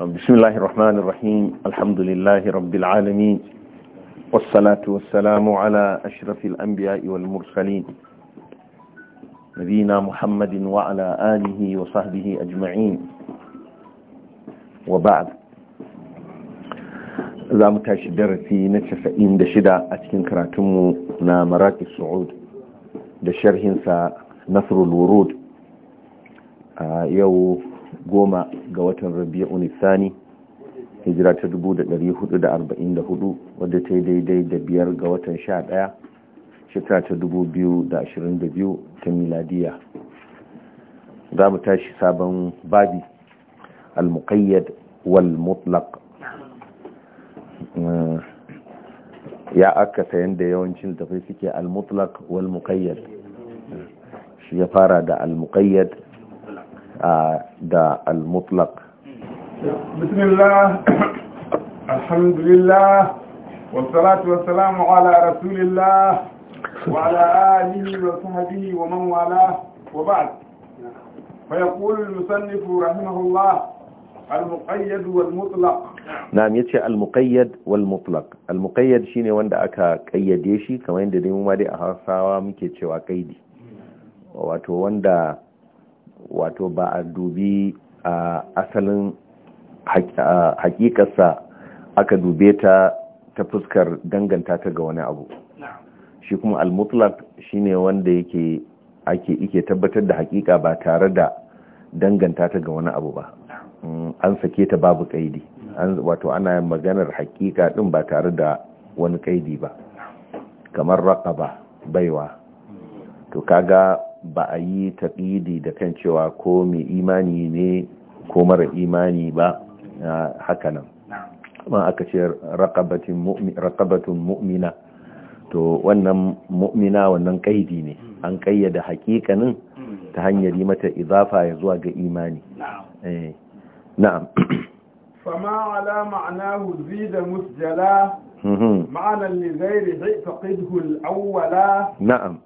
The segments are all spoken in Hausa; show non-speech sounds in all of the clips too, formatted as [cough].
بسم الله الرحمن الرحيم الحمد لله رب العالمين والصلاة والسلام على أشرف الأنبياء والمرسلين نبينا محمد وعلى آله وصحبه أجمعين وبعد za mu tashi darasi na 96 a cikin karatunmu na maraki su'ud da sharhinsa nasrul wurud a yau goma ga watan rabia unisani hijira ta 1444 wadda ta yi daidai da biyar ga watan 11 shekara ta 2022 ta miladiya za mu tashi sabon babi al-muqayyad wal mutlaq ya aka sayan da yawancin tafai suke al-mutlaq wal muqayyad shi ya fara da al-muqayyad da al-mutlaq bismillah alhamdulillah wa salatu wa salamu ala rasulillah wa ala alihi wa sahbihi wa man wala wa ba'd فيقول المصنف رحمه الله المقيد والمطلق na'am yace al-muqayyad wal mutlaq al-muqayyad shine wanda aka kayyade shi kamar yadda dai mu ma dai a Hausawa muke cewa kaidi wato wanda wato ba a dubi a asalin hakikarsa aka dube ta ta fuskar danganta ta ga wani abu shi kuma al-mutlaq shine wanda yake ake ike tabbatar da hakika ba tare da danganta ta ga wani abu ba mm, an sake ta babu kaidi wato ana maganar hakika din ba tare da wani kaidi ba kamar raqaba baiwa mm. to kaga ba a yi taƙidi da kan cewa ko mai imani ne ko mara imani ba hakanan ma aka ce raƙabatun mu'mina to wannan mu'mina wannan ƙaidi ne an ƙayyada haƙiƙanin ta hanyar yi mata izafa ya zuwa ga imani eh, na'am fama ala ma'ana ma'anahu da musjala mhm. ma'anan li ghairi ta'qidhu al-awwala na'am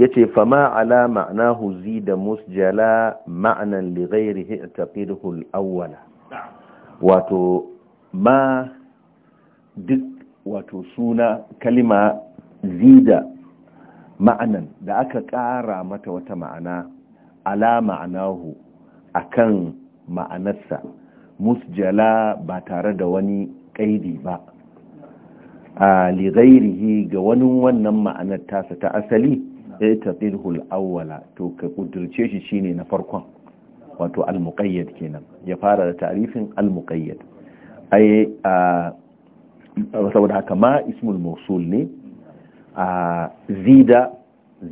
yace fama ala ma'nahu zida musjala ma'nan li ghairihi taqidhu wato ma duk wato suna kalima zida ma'anan da aka ƙara mata wata ma'ana ala ma'anahu akan ma'anarsa musjala ba tare da wani ƙaidi ba a ligairihi ga wani wannan ma'anar tasa ta asali ta al-awwala to ka kudurce shi shine na farkon wato al-muqayyad kenan ya fara da ta'rifin al-muqayyad ai saboda haka ma ismul mawsul ne a zida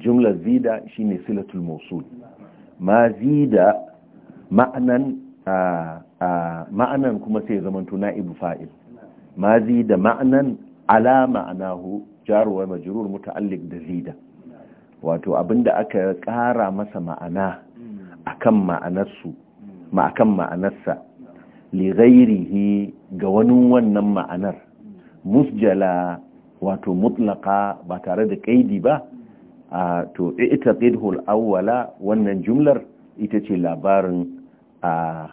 jumla zida shine silatul mawsul ma zida ma'anan ma'anan kuma sai zamanto na'ibu fa'il ma zida ma'anan ala ma'anahu jaru wa majrur muta'alliq da zida wato abin da aka ƙara masa ma'ana hmm. akan ma'anarsu hmm. ma'akan ma'anarsa lirairihi ga wani wannan ma'anar hmm. musjala wato mutlaka ba tare da kaidi ba a to ita al-awwala wannan jumlar ita ce labarin a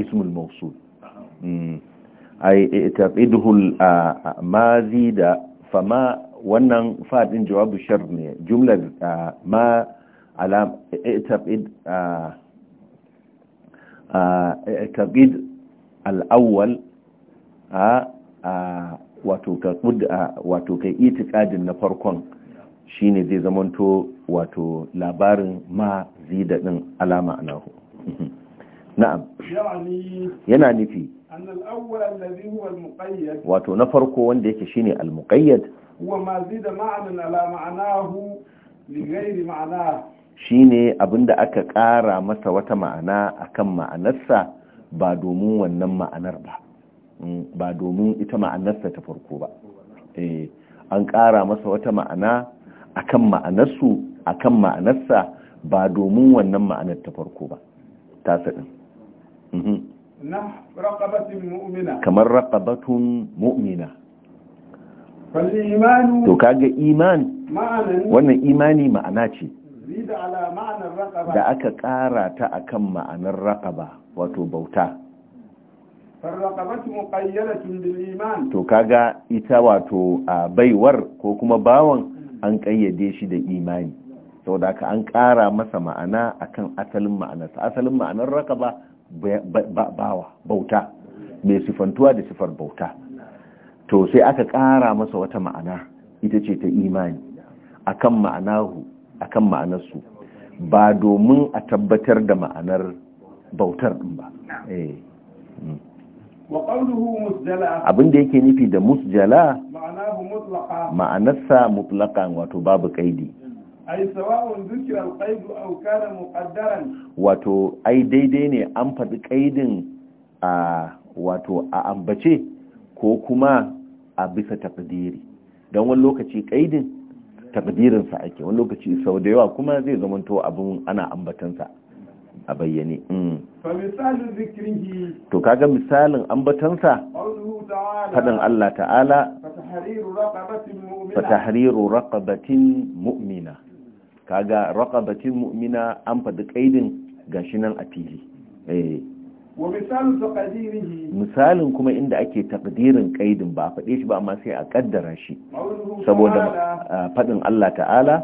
ismul mawsul ai i'taqidhu al-mazi da fama wannan fadin jawabu shar ne jumlar ma alam i'taqid i'taqid al-awwal wato ka wato kai itikadin na farkon shine zai zamanto wato labarin ma zida din alama anahu [laughs] na'am yana nufi wato na farko wanda yake shine al-muqayyad huwa ma zida ma'anan ala ma'anahu li ghairi shine abinda aka kara masa wata ma'ana akan ma'anarsa ba domin wannan ma'anar ba ba domin ita ma'anarsa ta farko ba eh an kara masa wata ma'ana akan ma'anarsu akan ma'anarsa ba domin wannan ma'anar ta farko ba tasa din kamar raqabatun mu'mina to kaga iman wannan imani ma'ana ce da aka ƙara ta akan ma'anar raƙaba wato bauta to kaga ita wato a baiwar ko kuma bawan an ƙayyade shi da imani sau da aka an ƙara masa ma'ana akan asalin ma'anarsa asalin ma'anar raƙaba? bawa bauta mai sifantuwa da sifar bauta to sai aka ƙara masa wata ma'ana ita ce ta imani akan ma'anahu akan ma'anarsu ba domin a tabbatar da ma'anar bautar din ba eh. hmm. abin yake nufi da musjala ma'anarsa mutlaka wato babu kaidi. ai sawa'un zikira alqaidu aw kana muqaddaran wato ai daidai ne an faɗi qaidin a wato a ambace ko kuma a bisa taqdiri don wani lokaci qaidin sa ake wani lokaci sau da yawa kuma zai zamanto abun ana ambatansa a bayyane to kaga misalin ambatansa faɗin Allah ta'ala fatahriru raqabatin mu'mina kaga raqabatin mu'mina an faɗi kaidin gashi nan a fili eh misalin kuma inda ake takdirin kaidin ba a faɗe shi ba amma sai a kaddara shi saboda faɗin Allah ta'ala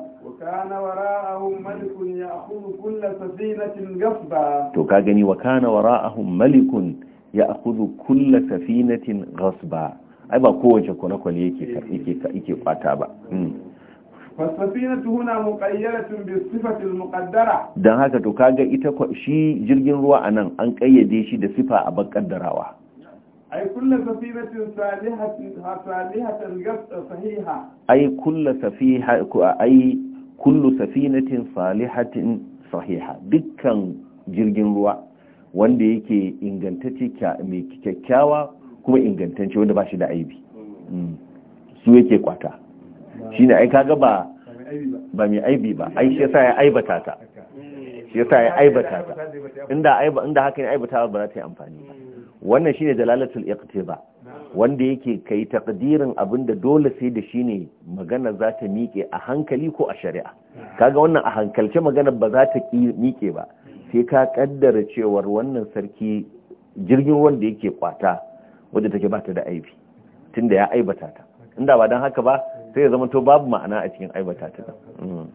to ka gani wa kana wara'ahum malikun ya akudu kulla safinatin gasba ai ba kowace kwale-kwale yake kwata ba hmm. fasafinatu huna muqayyaratun bi sifatil muqaddara dan haka to kaga ita shi jirgin ruwa anan an kayyade shi da sifa a bakaddarawa ay kullu safinatin salihatin salihatan gasda sahiha ay kullu safiha ay kullu safinatin salihatin sahiha dukkan jirgin ruwa wanda yake ingantacce mai kyakkyawa kuma ingantacce wanda ba shi da aibi mm. su yake kwata ne ai kaga ba ba mai aibi ba ai shi yasa ya aibata ta shi yasa ya aibata ta inda aiba inda haka ne aibata ba za ta yi amfani ba wannan shine dalalatul iqtiba wanda yake kai takdirin abinda dole sai da shi ne magana za ta miƙe a hankali ko a shari'a kaga wannan a hankalce magana ba za ta miƙe ba sai ka kaddara cewar wannan sarki jirgin ruwan yake kwata wadda take ba ta da aibi tunda ya aibata ta inda ba don haka ba sai ya zama to babu ma'ana a cikin aibata ta mm.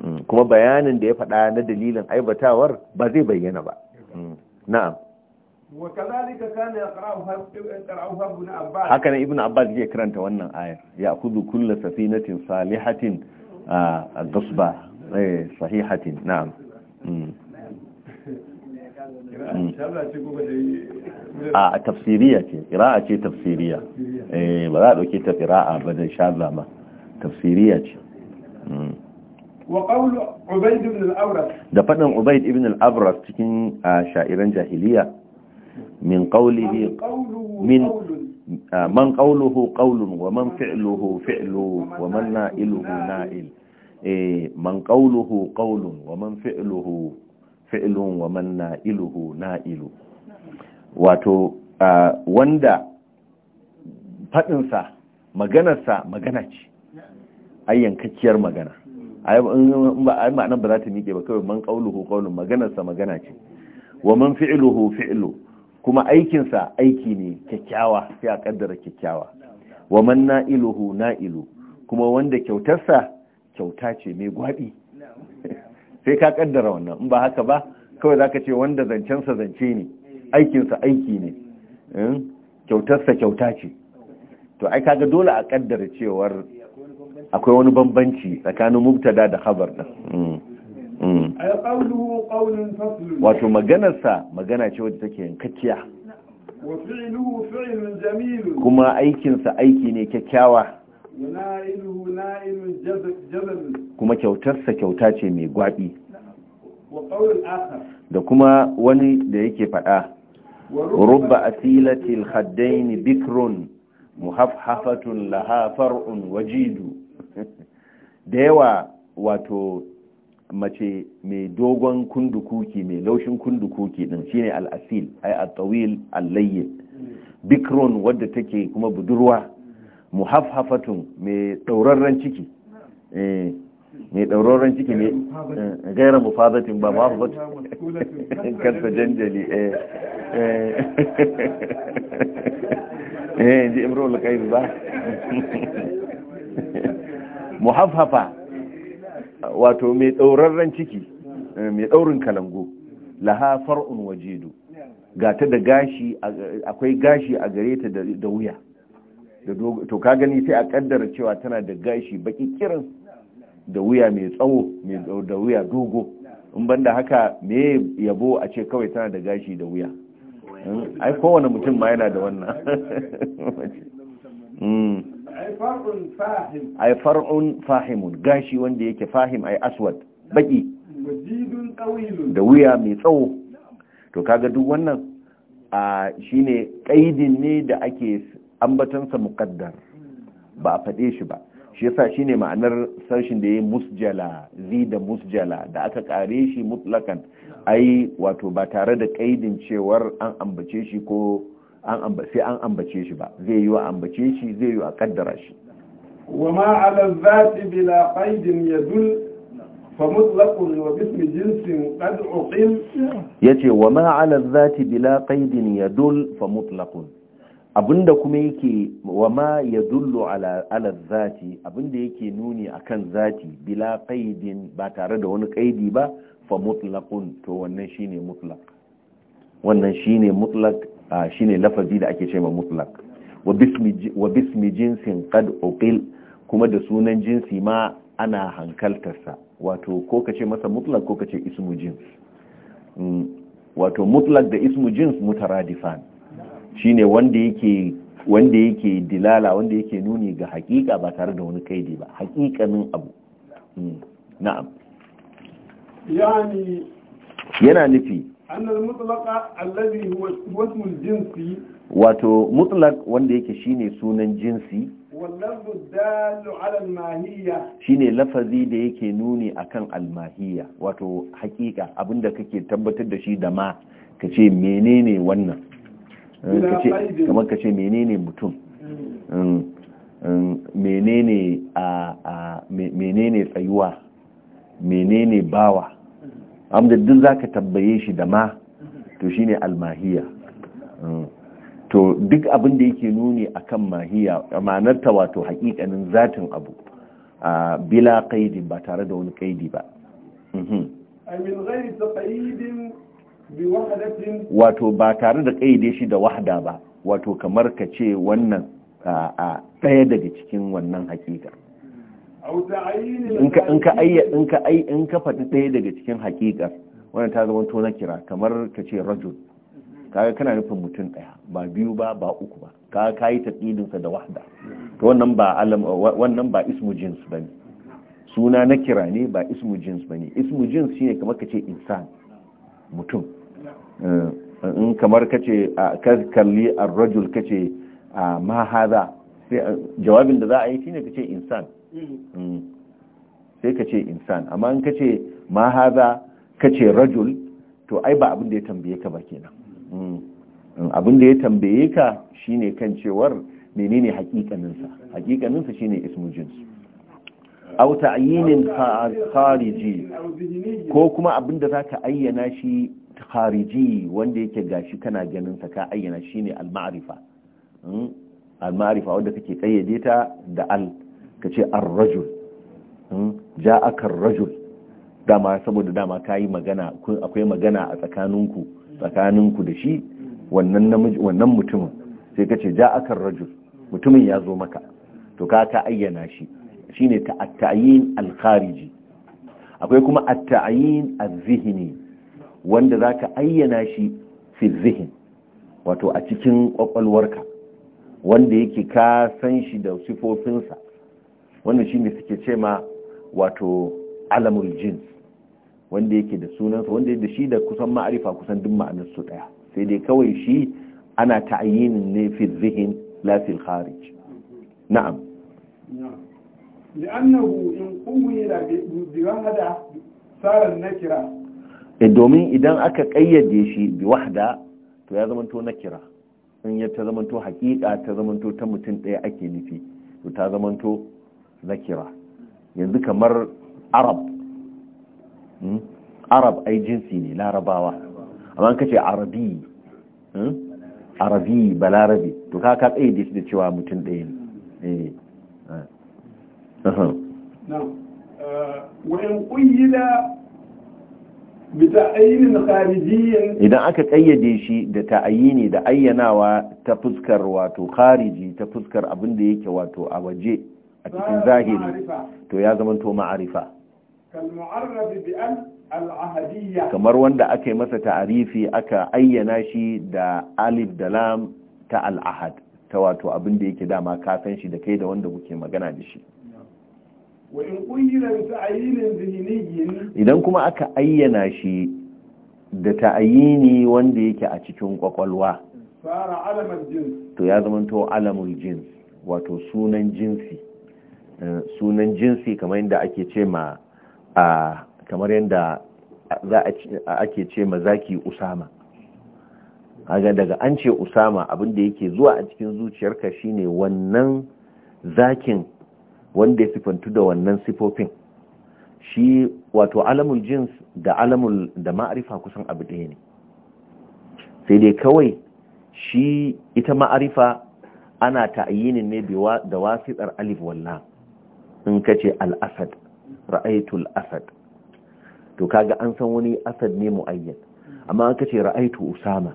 Mm. kuma bayanin da ya faɗa na dalilin aibatawar ba zai bayyana ba mm. na'am haka ne ibn abbas zai karanta wannan ayar ya kudu kulla safinatin salihatin a ah, gasba eh, sahihatin na'am Hmm. a tafsiriya ce ƙira'a ce tafsiriya eh ba za a ɗauke ta ƙira'a ba da shaza ba tafsiriya ce hmm. da faɗin ubaid ibn al-abras cikin sha'iran jahiliya min qawlihi min man qawluhu qawlun wa man fi'luhu fi'lu wa man na'iluhu na'il eh man qawluhu qawlun wa man fi'luhu fi'ilun wa man na'iluhu na'ilu wato wanda faɗinsa maganarsa magana ce ai yankakkiyar magana ai ma'anar ba za ta miƙe ba kawai man ƙauluhu ƙaulun maganarsa magana ce wa man fi'iluhu fi'ilu kuma aikinsa aiki ne kyakkyawa sai a ƙaddara kyakkyawa wa man na'iluhu na'ilu kuma wanda kyautarsa kyauta ce mai gwaɗi sai ka kaddara wannan in ba haka ba kawai za ka ce wanda zancensa zance ne aikinsa aiki ne hmm? kyautarsa kyauta ce to ai kaga dole a kaddara cewar akwai wani bambanci tsakanin mubtada da khabar din hmm. hmm. wato maganarsa magana ce wadda take yankakkiya kuma aikinsa aiki ne kyakkyawa kuma kyautarsa kyauta ce mai gwabi da kuma wani da yake faɗa rubba asilatil haddain bikrun muhafhafatun laha far'un wajidu [laughs] da yawa wato mace mai dogon kundukuki mai laushin kundukuki din shine al-asil ay at-tawil al-layyin mm. bikrun wadda take kuma budurwa muhafhafatun mai ɗaurarren ciki eh, mai ɗaurarren ciki ne eh, gairar mufadatin ba muhafhafatun [laughs] karfe janjali eh, eh. [laughs] ji imro qais ba [laughs] muhafhafa wato mai ɗaurarren ciki mai ɗaurin kalangu, laha far'un wajidu gata da gashi akwai gashi a gare ta da wuya Da to ka gani sai a kaddara cewa tana da gashi baki kirin da wuya mai tsawo da wuya dogo in banda haka me yabo a ce kawai tana da gashi da wuya hmm, ai kowane mutum ma yana da wannan [laughs] hmm. ai far'un fahimun gashi wanda yake fahim ai aswad baki da wuya mai tsawo to kaga duk wannan a shine kaidin ne da ake ambatansa muqaddar ba a faɗe shi ba shi yasa shine ma'anar sashin da yayi musjala zi da musjala da aka kare shi mutlakan ai wato ba tare da kaidin cewar an ambace shi ko an ambace sai an ambace shi ba zai yi wa ambace shi zai yi wa kaddara shi wa ma ala zati bila qaidin yadul jinsin qad جنس yace wa ma ala zati bila qaidin yadul fa mutlaqun abinda kuma yake wa ma ya dullu ala zati abinda yake nuni akan zati bila qaidin ba tare da wani qaidi ba fa mutlaqun to wannan shine mutlaq wannan shine mutlaq shine lafazi da ake cewa mutlaq wa bismi wa bismi jinsin qad uqil kuma da sunan jinsi ma ana hankaltarsa wato ko ka ce masa mutlaq ko ka ce ismu jins hmm, wato mutlaq da ismu jins mutaradifan shine wanda yake wanda yake dilala wanda yake nuni ga hakika ba tare da wani kaidi ba hakikanin abu hmm. na'am yani yana nufi annal mutlaqa alladhi huwa ismul jinsi wato mutlaq wanda yake shine sunan jinsi wallahu dalu ala almahiyya shine lafazi da yake nuni akan almahiyya wato hakika abinda kake tabbatar da shi da ma kace menene wannan Eh, kamar ka ce menene mutum mm, mm, menene tsayuwa menene bawa amdaddin za ka tambaye shi da ma to shine almahiya mm, to duk abin da yake nuni akan mahiya ta wato hakikanin zatin abu bila kaidi ba tare da wani kaidi ba mm-hmm. wato ba tare da kaide shi da wahda ba wato kamar ka ce wannan a ɗaya daga cikin wannan hakika in ka faɗi ɗaya daga cikin hakikar wannan ta zama tona kira kamar ka ce rajul kaga kana nufin mutum ɗaya ba biyu ba ba uku ba kaga ka yi taƙidinsa da wahda to wannan ba wannan ba ismu jins ba ne suna na kira ne ba ismu jins ba ne ismu jins shine kamar ka ce insani mutum eh, in kamar kace kalli a rajul ce, ma sai eh, jawabin da za a yi shi ne ka ce insan hmm. sai ka ce insan amma in kace ma ka kace rajul to ai ba abin da ya tambaye ka ba kenan hmm. abin da ya tambaye ka shine kan cewar menene hakikaninsa hakikaninsa shine ismu ismujinsu aw ta'yinin khariji ko kuma abin da zaka ayyana shi khariji wanda yake gashi kana ganin sa ka ayyana shine al-ma'rifa hmm? al-ma'rifa wanda kake kayyade ta da al kace ar-rajul hmm? ja'aka ar-rajul dama saboda dama kayi magana akwai magana a tsakaninku tsakaninku da shi wannan namiji wannan mutumin sai kace ja'aka ar-rajul mutumin ya zo maka to ka ka ayyana shi shine ta al-khariji akwai kuma atayin azihini az-zihni wanda zaka ayyana shi fi zihin wato a cikin kwakwalwarka wanda yake ka san shi da sifofinsa shi shine suke ce ma wato alamul jins wanda yake da sunansa wanda da shi da kusan ma'arifa kusan duk ma'anar su daya sai dai kawai shi ana ta'ayyin ne fi zihin la kharij na'am li'annahu in bi wahda nakira domin idan aka kayyade shi bi wahda to ya zamanto nakira in ya ta zamanto hakika ta zamanto ta mutum daya ake nufi to ta zamanto nakira yanzu kamar arab arab ai jinsi ne larabawa amma ka ce arabi arabi balarabi to ka ka kayyade shi da cewa mutum daya ne Uh, idan aka kayyade shi da ta'ayini da ayyanawa ta fuskar wato khariji ta fuskar abin da yake wato a waje a cikin zahiri to ya zama to ma'arifa kamar wanda aka yi masa ta'arifi aka ayyana shi da alif da lam ta al'ahad ta wato abin da yake dama kasan shi da kai da wanda kuke magana da shi idan kuma aka ayyana shi da ta'ayini wanda yake a cikin kwakwalwa to ya zama zamanto alamul jins wato sunan jinsi eh, sunan jinsi kamar yadda ake ce ma a kamar yadda ake ce ma zaki usama haga daga an ce usama abinda yake zuwa a cikin zuciyarka shine wannan zakin wanda ya sifantu da wannan sifofin shi wato alamul jins da alamul da ma'arifa kusan abu ɗaya ne sai dai kawai shi ita ma'arifa ana ta'ayyinin ne da wasitsar alif walla in ka ce al'asad ra'aitul asad to kaga an san wani asad ne mu'ayyan amma an ka ce ra'aitu usama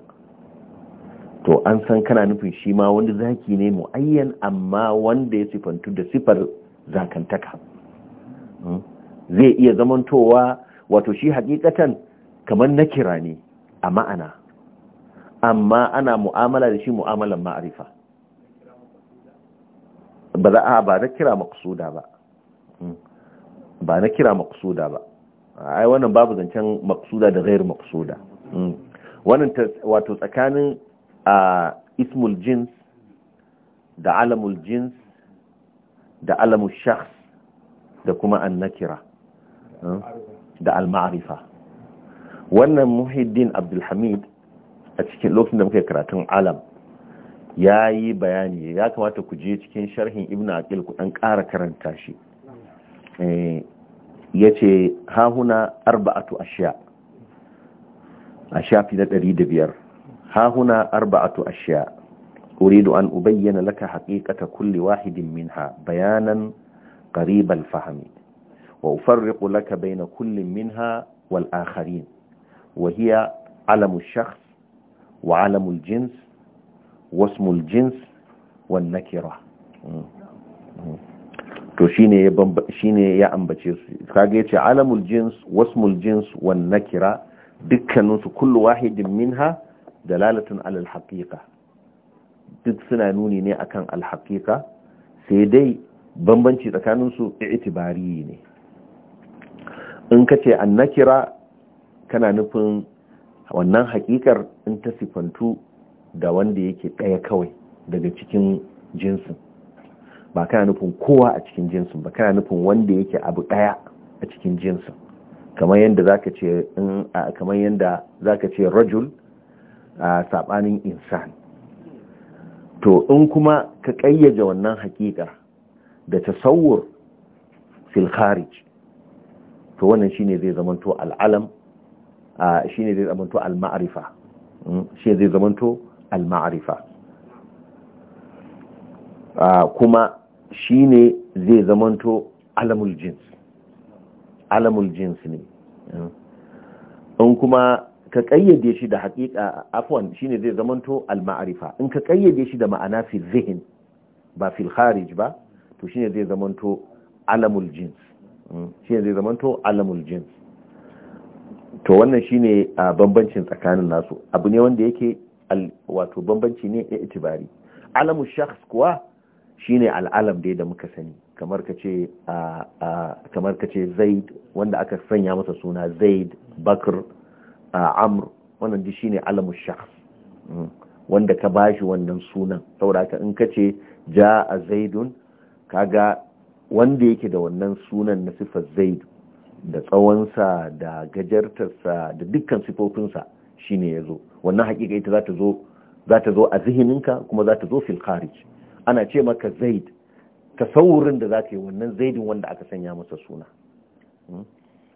to an san kana nufin shi ma wanda zaki ne mu'ayyan amma wanda ya sifantu da sifar zakantaka zai iya zamantowa wato shi hakikatan kamar na kira ne a ma'ana amma ana mu'amala da shi mu'amalan ma'arifa ba za a ba na kira makusuda ba ba na kira makusuda ba ai wannan babu zancen makusuda da gairu makusuda wannan wato tsakanin a ismul jins da alamul jins da alamu shakhs da kuma annakira eh, da al maarifa wannan muhiddin abdulhamid a cikin lokacin da muke karatun alam ya yi bayani ya kamata ku je cikin sharhin ibn aqil ku dan ƙara karanta shi eh, ya ce hahuna arba'atu ashiya a da na 105 hahuna arba'atu ashiya أريد أن أبين لك حقيقة كل واحد منها بيانا قريب الفهم وأفرق لك بين كل منها والآخرين وهي علم الشخص وعلم الجنس واسم الجنس والنكرة shine ya shine ya ambace su kage yace alamul jins wasmul jins wan nakira dukkanin kullu wahidin minha dalalatun alal al haqiqa duk suna nuni ne akan alhaƙiƙa sai dai bambanci tsakaninsu itibari ne in ka ce an nakira kana nufin wannan haƙiƙar in ta sifantu da wanda yake ɗaya kawai daga cikin jinsin ba kana nufin kowa a cikin jinsin ba kana nufin wanda yake abu ɗaya a cikin jinsin kamar yadda zaka ce ce rajul a saɓanin insan to in kuma ka ƙayyaje wannan hakika da tasawur fil kharij to wannan shine zai zamanto al'alam shine zai zamanto al-ma'rifa mm, shine zai zamanto al-ma'rifa kuma shine zai zamanto alamul jins alamul jins ne mm. in kuma ka kayyade shi da haƙiƙa afwan shine zai zamanto al in ka kayyade shi da ma'ana fi zihin ba fil kharij ba to shine zai zamanto alamul jins hmm? shine zai zamanto alamul jins to wannan shine bambancin tsakanin nasu abu ne wanda yake wato bambanci ne a itibari alamul shakhs kuwa shine al'alam dai da muka sani kamar ka ce kamar ka ce zaid wanda aka sanya masa suna zaid bakr amr wannan shi ne alamu shakhs mm, wanda ka bashi wannan sunan saboda ka in ja a zaidun kaga wanda yake da wannan sunan na sifar zaid da tsawonsa da gajartarsa da dukkan sifofinsa ya zo. wannan hakika ita za ta zo a zihininka kuma za ta zo fil ana ce maka zaid saurin da za ka yi wannan zaidin wanda aka sanya masa suna mm,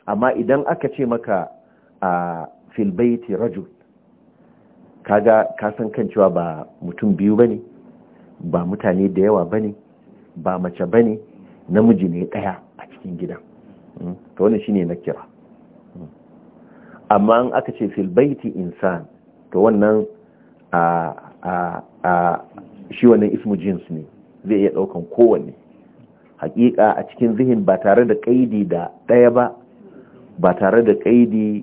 amma idan aka ce maka a. fil baiti rajul kaga ka san kan cewa ba mutum biyu bane ba mutane da yawa bane ba mace bane namiji ne daya a cikin gidan hmm? to wannan shine na kira hmm. amma an aka ce fil insan to wannan a a a shi wannan ismu jins ne zai iya daukan kowanne hakika a cikin zihin ba tare da kaidi da daya ba ba tare da kaidi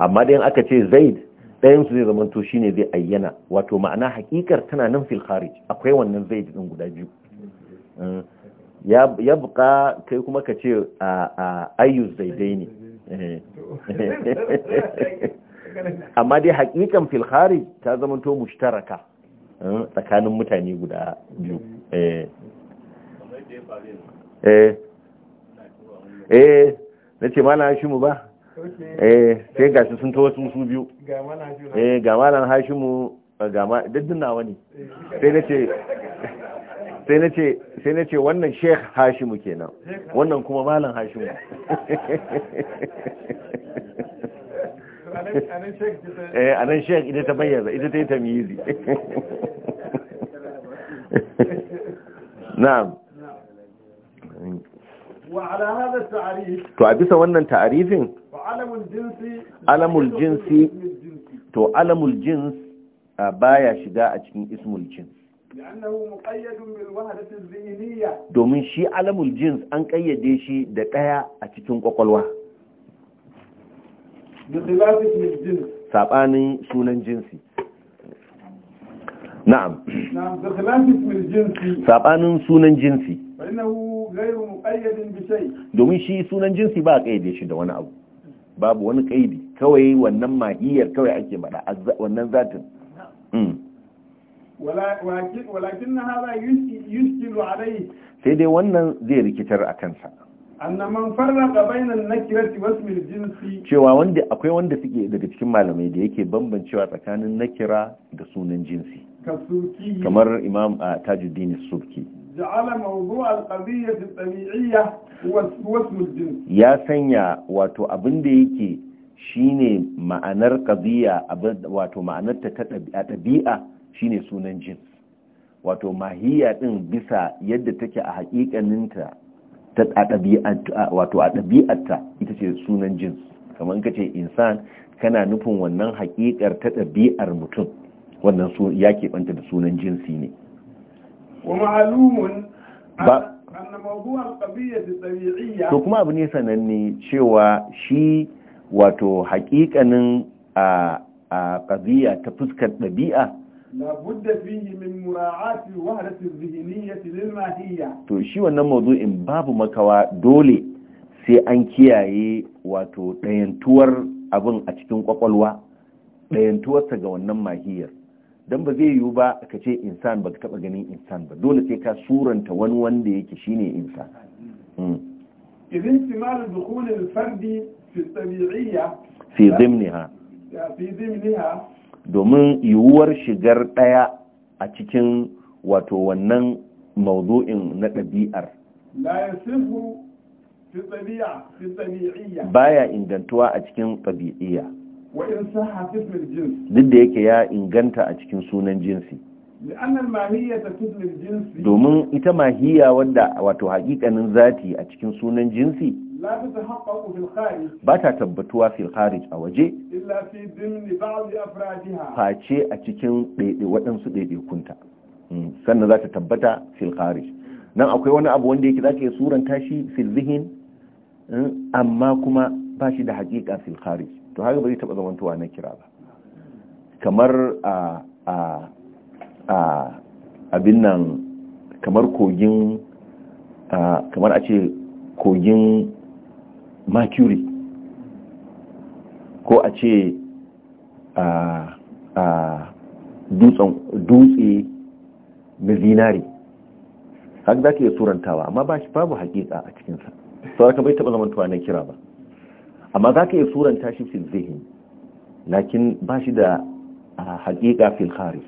amma da aka ce zaid ɗayan su zai zama to ne zai ayyana wato ma'ana hakikar tana nan fil kharij akwai wannan zaid din guda biyu eh, ya buka kai kuma ka ce a ayyu zaidai ne eh. [laughs] amma dai hakikan fil kharij ta zama to mushtaraka eh, tsakanin mutane guda biyu eh eh eh nace mana shi mu ba eh sai ga su sun tawo su biyu eh ga malam hashimu eh, ga ma daddin nawa ne eh, sai nace sai nace sai nace wannan sheikh hashi mu kenan wannan kuma malan hashi mu eh anan sheikh ita ta bayyana ita ta yi tamyizi [laughs] na'am to a bisa wannan ta'arifin alamul jinsi to alamul jins baya shiga a cikin ismul jins domin shi alamul jins an kayyade shi da ɗaya a cikin kwakwalwa saɓanin sunan jinsi na'am saɓanin sunan jinsi domin shi sunan jinsi ba a kayyade shi da wani abu babu wani kaidi kawai wannan mahiyar kawai ake mada wannan zatin hmm. walakin na haza yuskilu alai sai dai wannan zai rikitar a kansa annaman nan na nakirati wasmil jinsi cewa wanda akwai wanda suke daga cikin malamai da yake bambancewa tsakanin nakira da sunan jinsi kamar imam ah, tajuddin subki جعل موضوع القضية الطبيعية هو اسم الجنس يا سنيا واتو أبن ديكي شيني معنر قضية واتو معنر تتبيئة شيني sunan jins wato mahiya din bisa yadda take a hakikaninta ta a ɗabi'arta wato a ɗabi'arta ita ce sunan jins kamar ka ce insan kana nufin wannan hakikar ta ɗabi'ar mutum wannan su ya banta da sunan jinsi ne ومعلوم to kuma abu ne sananne cewa shi wato haƙiƙanin a a ta fuskar ɗabi'a labudda fihi min to shi wannan mawdu'in babu makawa dole sai an kiyaye wato ɗayantuwar abin a cikin ƙwaƙwalwa ɗayantuwarsa ga wannan mahiyar don ba zai yiwu ba ka ce insan ba ka taba ganin insan ba dole sai ka suranta wani wanda yake shine insan hmm. idan timal dukhul al-fard fi tabi'iyya fi dhimniha fi domin yiwuwar shigar daya a cikin wato wannan mawdu'in na ɗabi'ar baya ingantuwa a cikin ɗabi'iyya duk da yake ya inganta a cikin sunan jinsi domin ita mahiya wadda wato hakikanin zati a cikin sunan jinsi ba ta tabbatuwa fil kharij a waje face a cikin waɗansu ɗaiɗaikunta hmm, sannan za ta tabbata fil kharij nan akwai wani abu wanda yake za ka yi suran tashi fil zihin hmm, amma kuma ba shi da hakika fil kharij to haka ba zai taba zamantowa na kira ba kamar a a a abin nan kamar kogin kamar a ce kogin mercury ko a ce dutse na zinari haka za ka iya surantawa amma ba shi babu hakika a cikinsa sauraka bai taba zamantowa na kira ba amma za ka iya suranta shi fil zihin lakin ba shi da haƙiƙa fil kharij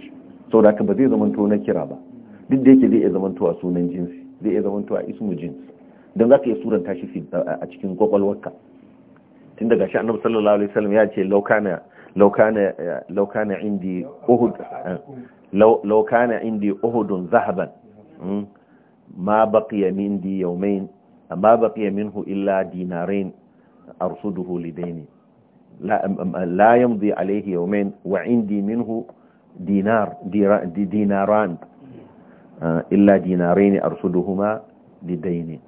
sau da ka ba zai zamanto na kira ba duk da yake zai iya zamanto a sunan jinsi zai iya zamanto a ismu jins don za ka iya suranta shi a cikin kwakwalwarka tun daga shi annabi sallallahu alaihi wasallam ya ce laukana laukana laukana indi uhud laukana indi uhudun zahaban hmm, ma baqiya di yawmain ma baqiya minhu illa dinarain arsuduhu لا, la يمضي alaihi يومين wa منه دينار دي dinaran illa dinaraini arsuduhuma لديني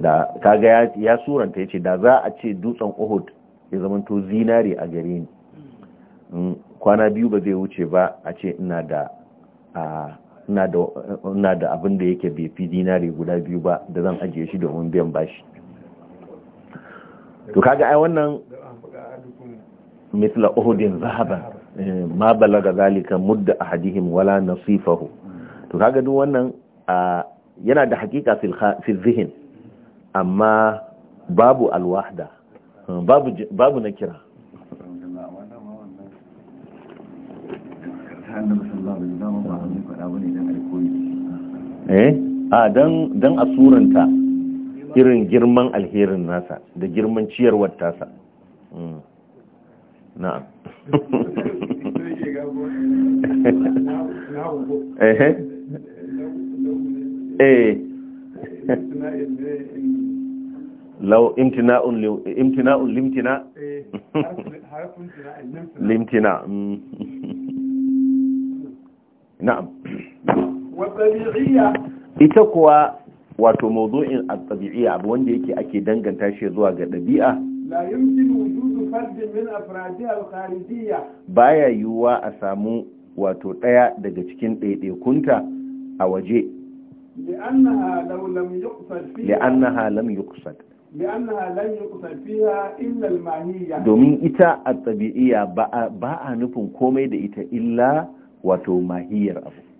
da kaga ya suranta yace da za a ce dutsen Uhud ya zamanto zinari a gare ni kwana biyu ba zai wuce ba a ce ina da ina da abin da yake bai fi dinari guda biyu ba da zan ajiye shi domin biyan bashi to kaga ai wannan mithla uhudin zahaba eh, ma balaga zalika mudda ahadihim wala nasifahu to kaga duk wannan yana da hakika fil zihin amma babu alwahda eh, babu babu nakira eh a ah, dan dan asuranta irin girman alherin nasa da girman ciyarwar tasa mm. na'am [laughs] eh, eh eh lau imtina'un imtina'un limtina eh, limtina mm. na'am wa ita kuwa wato mawdu'in al tabiiyya abu wanda yake ake danganta shi zuwa ga dabi'a la yumkinu wujudu fardin min afradi al-kharijiyya baya yuwa a samu wato daya daga cikin ɗaiɗaikunta a waje li'annaha law lam yuqsad fiha li'annaha lam yuqsad domin ita a tabiiyya ba a nufin komai da ita illa wato mahiyar abu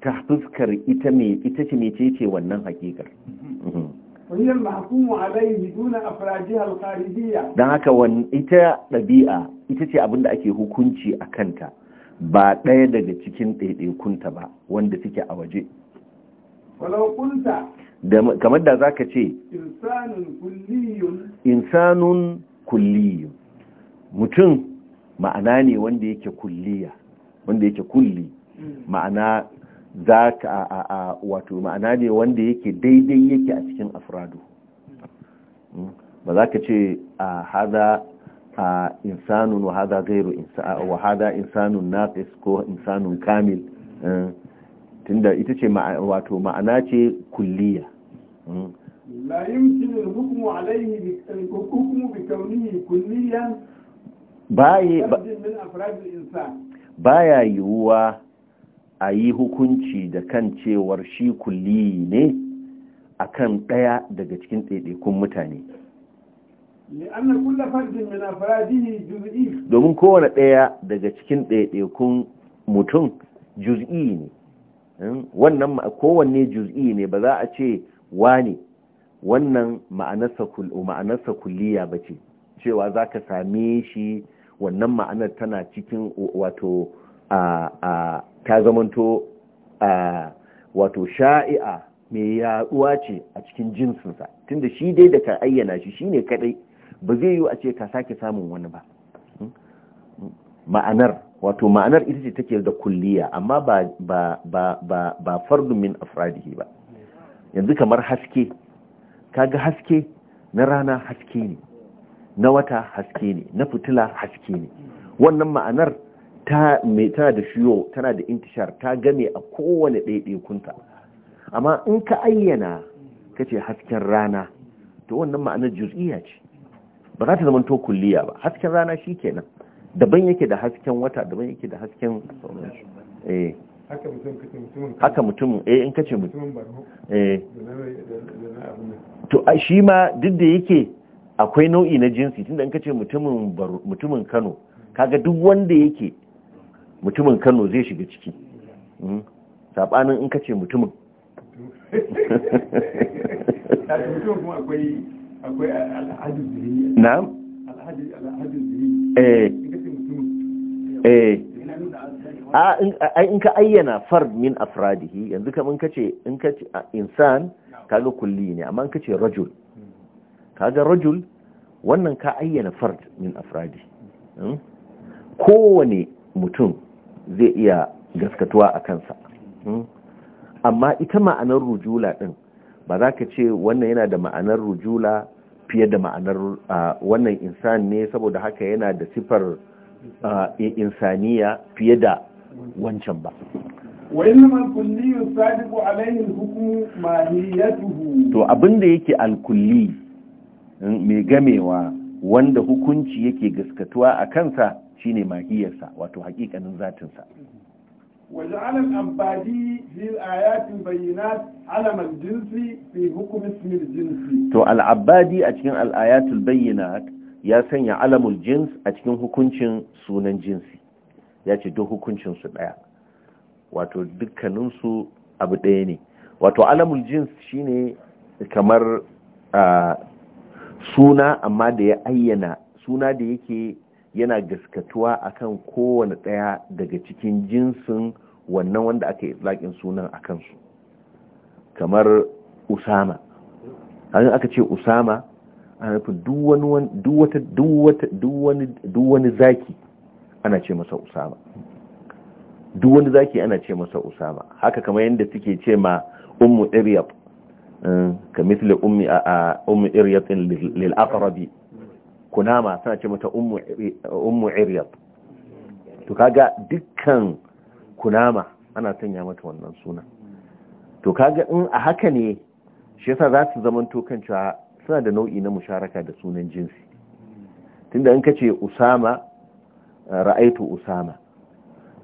ta fuskar ita mai ita ce mece ce wannan hakikar don mhm. alaihi haka wani ita dabi'a ita ce abinda ake hukunci a kanta ba ɗaya daga cikin ɗaiɗaikunta ba wanda suke a waje kamar da za ka ce insanun kulliyu mutum ma'ana ne wanda yake kulliya wanda yake kulli mm. ma'ana za ka a wato ma'ana ne wanda yake daidai yake a cikin afradu hmm? ba za ka ce a hada a insanun wa hada gairu wa hada insanun naqis ko insanun kamil hmm? tunda ita ce wato ma'ana ce kulliya hmm? la yumkin al-hukmu alayhi al-hukmu bi kawnihi kulliyan baya yiwuwa a yi hukunci da kan cewar shi kulli ne a kan ɗaya daga cikin ɗaiɗaikun mutane domin kowane ɗaya daga cikin ɗaiɗaikun mutum juz'i ne hmm? wannan kowanne juz'i ne ba za a ce wane wannan ma'anarsa kulliya ba ce cewa za ka same shi wannan ma'anar tana cikin wato ta zamanto wato sha'i'a mai yaduwa ce a cikin jinsinsa tunda shi dai da ka ayyana shi shi ne kadai ba zai yi a ce ka sake samun wani ba ma'anar wato ma'anar ita ce take da kulliya amma ba ba min a ba yanzu kamar haske kaga haske na rana haske ne na wata haske ne na fitila haske ne wannan ma'anar ta mai tana da shiyo tana da intishar ta game a kowane ɗaiɗaikunta amma in ka ayyana ka ce hasken rana to wannan ma'anar juz'iya ce ba za ta zama to kulliya ba hasken rana shi kenan daban yake da hasken wata daban yake da hasken eh, haka mutumin eh in kace mutumin eh to shi ma duk da yake akwai nau'i na jinsi tunda in ka ce mutumin Kano kaga duk wanda yake mutumin kano zai shiga ciki hmm? saɓanin in ka ce mutumin na'am eh. Eh. a in ka ayyana fard min afradihi yanzu kamar ka ce in ka ce insan kaga kulli ne amma in ka ce rajul kaga rajul wannan ka ayyana fard min afradi hmm? kowane mutum zai iya gaskatuwa a kansa hmm? amma ita ma'anar rujula ɗin, ba za ka ce wannan yana da ma'anar rujula fiye da ma'anar wannan insan ne saboda haka yana da sifar insaniya fiye da wancan ba to abinda abin da yake alkulli hmm, mai gamewa wanda hukunci yake gaskatuwa a kansa shi ne mahiyarsa wato hakikanin zatinsa waja'alan ambadi fil ayatin bayyinat alamal jinsi fi hukumi jinsi to al-abadi a cikin al-ayatul bayyinat ya sanya alamul jins a cikin hukuncin sunan jinsi ya ce duk hukuncin su daya wato dukkanin su abu daya ne wato alamul jins shine kamar ah, suna amma da ya ayyana suna da yake yana gaskatuwa akan kowane ɗaya daga cikin jinsin wannan wanda aka yi laƙin sunan a kansu kamar usama hannun aka ce usama ana nufin duk wani zaki ana ce masa usama duk wani zaki ana ce masa usama haka kamar yadda suke ce ma umu iryab eh, ka misli ummi iryab lil kunama suna ce mata ummu to kaga dukkan kunama ana sanya mata wannan suna to kaga in a haka ne shi yasa za su zama to cewa suna da nau'i na musharaka da sunan jinsi tunda in ka ce usama ra'aitu usama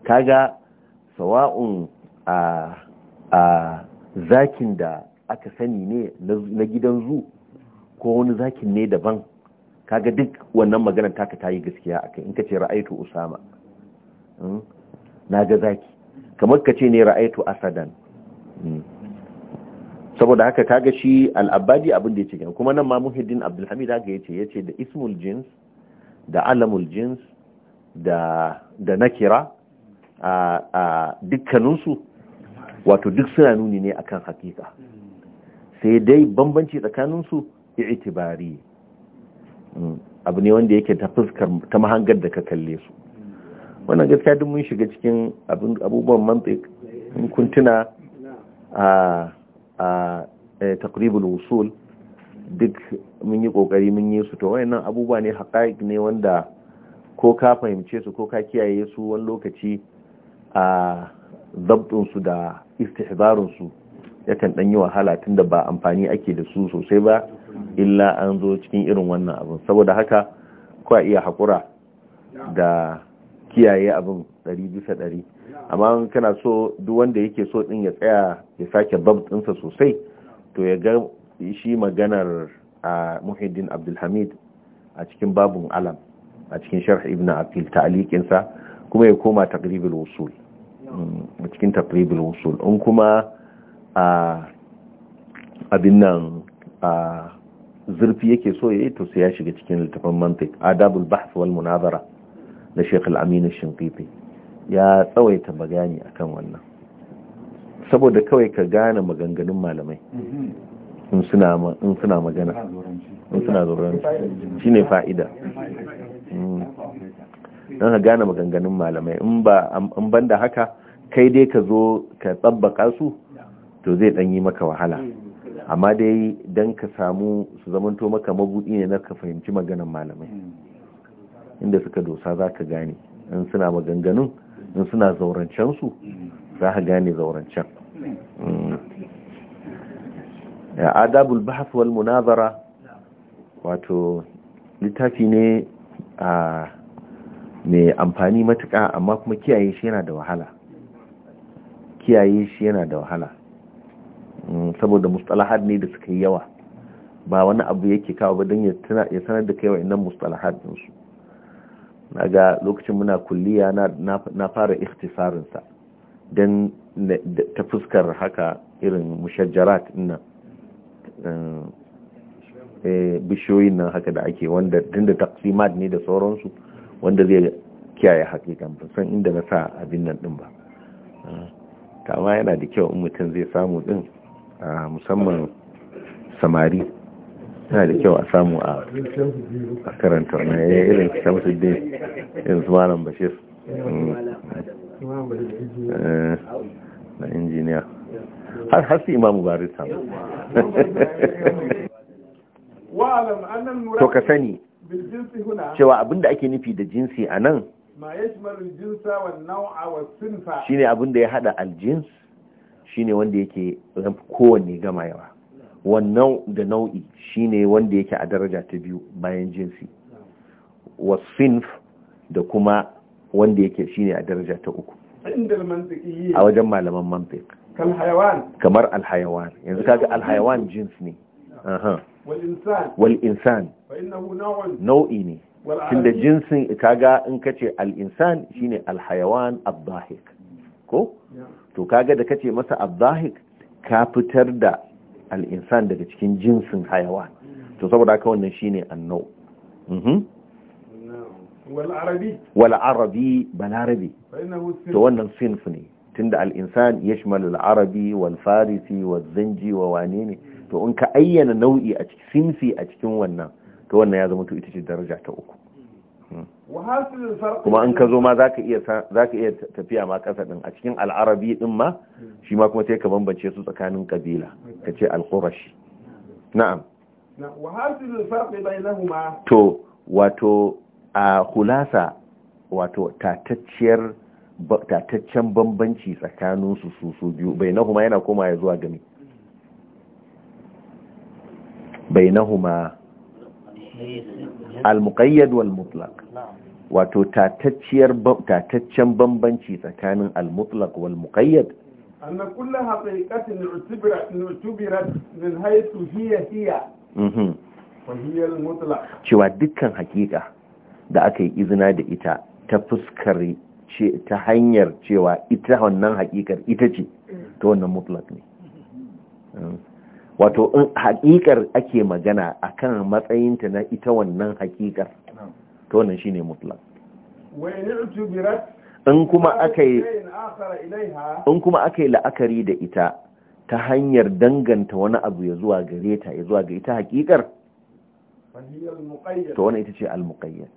kaga sawa'un a a zakin da aka sani ne na gidan zu ko wani zakin ne daban kaga duk wannan maganar taka tayi gaskiya kai in kace ra'aitu usama hmm, na ga zaki kamar kace ne ra'aitu asadan hmm. saboda haka kaga shi al-abadi abin da yake kuma nan ma muhiddin abdulhamid haka yace yace da ismul jins da alamul jins da da nakira a a dukkaninsu wato duk suna nuni ne akan hakika sai dai bambanci tsakaninsu i'tibari abu ne wanda yake ta fuskar ta mahangar da ka kalle su wannan gaskiya duk mun shiga cikin abubuwan mantik kun tuna a a eh, taqribul wusul duk mun yi kokari mun yi su to wayannan abubuwa ne haqaiq ne wanda ko ka fahimce su ko ka kiyaye su wani lokaci a zabtun su da istihbarun su yakan dan yi wahala tunda ba amfani ake da su sosai ba illa an zo cikin irin wannan abin saboda haka kwa iya hakura da kiyaye abin ɗari bisa ɗari amma kana so duk wanda yake so din ya tsaya ya sake bab sosai to ya ga shi maganar a muhiddin abdulhamid a cikin babun alam a cikin sharh ibn afil ta'alikinsa kuma ya koma taqribul wusul mm, a cikin taqribul wusul in kuma a abin nan a zurfi yake so ya yi to sai ya shiga cikin littafin mantik adabul bahth wal munazara na Sheikh Al-Amin Shinqiti ya tsawaita magani akan wannan saboda kawai ka gane maganganun malamai in suna in suna magana in suna zoron shine fa'ida hmm. Dan ka gane maganganun malamai in ba in banda haka kai dai ka zo ka tsabbaka su to zai dan yi maka wahala amma dai don ka samu su zamanto maka mabuɗi ne na ka fahimci maganan malamai inda suka dosa za ka gane in suna maganganun in suna zaurancensu za ka gane zaurancen mm. ya adabul bahas wal munazara wato littafi ne a mai amfani matuƙa amma kuma kiyaye shi yana da wahala kiyaye shi yana da wahala Mm, saboda mustalahar ne da suka yi yawa ba wani abu yake kawo ba don ya sanar da kai wa'annan mustalahar dinsu na ga lokacin muna kulliya na fara ikhtisarinsa don ta fuskar haka irin mushajjarat nan eh, eh, bishiyoyin nan haka da ake wanda tun taksimat ne da sauransu wanda zai kiyaye hakikan san inda na sa abin nan din ba kama ah, yana da kyau in mutum zai samu din musamman samari yana da kyau a samu a karanta na ya eh, irin shamsu din irin su malam bashir mm. eh, na injiniya har har su imamu bari samu [laughs] to ka sani cewa abinda ake nufi da jinsi a nan shine abinda ya hada aljins shine wanda yake kowanne gama yawa wannan da nau'i shine wanda yake a daraja ta biyu bayan jinsi wasinf da kuma wanda yake shine a daraja ta uku a wajen malaman mantik kamar alhayawan yanzu kaga alhayawan jins ne wal insan nau'i ne tunda jinsin kaga in kace al insan shine alhayawan abdahik ko to kaga da kace masa abdahik ka fitar da al'insan daga cikin jinsin hayawa. to saboda haka wannan shine annau mhm. wal arabi balarabi to wannan sinf ne tunda al'insan ya shimal al'arabi wal farisi wal zanji wa wane ne to in ka ayyana nau'i a cikin sinfi a cikin wannan to wannan ya zama to ita ce daraja ta uku kuma in ka zo ma za ka iya tafiya ma ƙasa ɗin a cikin al'arabi ɗin ma shi ma kuma sai ka bambance su tsakanin ƙabila ka ce alƙurashi na'am to wato a hulasa wato tatacciyar tataccen bambanci tsakanin su su su biyu bai na huma yana koma ya zuwa gani bai na huma al-muqayyad wal mutlaq wato tatacciyar tataccen bambanci tsakanin al-mutlaq wal muqayyad أن من حيث هي هي وهي المطلق cewa dukkan hakika da aka yi izina da ita ta fuskar ta hanyar cewa ita wannan hakikar ita ce ta wannan mutlaq ne mhm. mm. wato in haƙiƙar ake magana a kan matsayinta na ita wannan haƙiƙar to wannan shine ne in kuma aka yi in kuma aka yi la'akari da ita ta hanyar danganta wani abu ya zuwa gare ta ya zuwa ga ita haƙiƙar to wannan ita ce al-muqayyad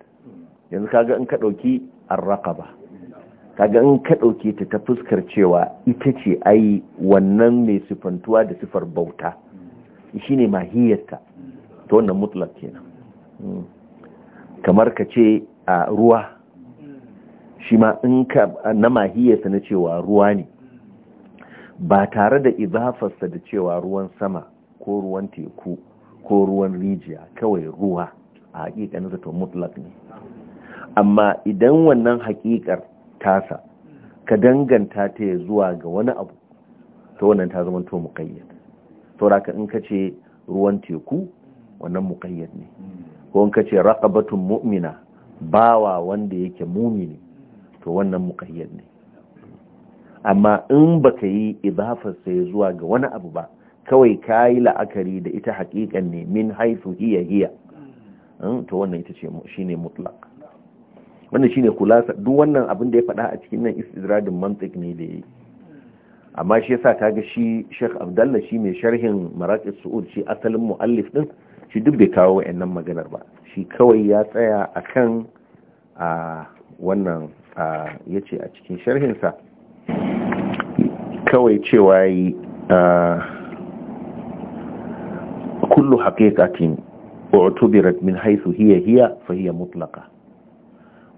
yanzu kaga in ka an ar-raqaba kaga in ka ta ta fuskar cewa ita ce ai wannan mai sifantuwa da sifar bauta ne mahiyarta ta wannan mutlak kenan hmm. kamar ka ce a ruwa shi ma in ka na mahiyarsa na cewa ruwa ne ba tare da izafarsa da cewa ruwan sama ko ruwan teku ko ruwan rijiya kawai ruwa a da ta mutlak ne amma idan wannan hakikar tasa ka danganta ta zuwa ga wani abu ta wannan ta zama to mukayyada ka in ka ce ruwan teku wannan muƙayyad ne ko in ka ce raqabatun mu'mina bawa wanda yake mumini to wannan muƙayyad ne amma in baka yi idafar sai zuwa ga wani abu ba kawai ka yi la'akari da ita haƙiƙan ne min haifu hiya hiya hmm, to wannan ita ce shine mutlaq wannan shine kulasa duk wannan abin da ya faɗa a cikin nan istidradin mantiq ne da yi. amma shi yasa kaga shi Sheikh Abdullah shi mai sharhin Maraqis Su'ud shi asalin muallif din shi duk bai kawo wayannan maganar ba shi kawai ya tsaya akan a wannan yace a cikin sharhin sa kawai cewa yi kullu haqiqatin u'tubirat min haythu hiya hiya fa hiya mutlaqah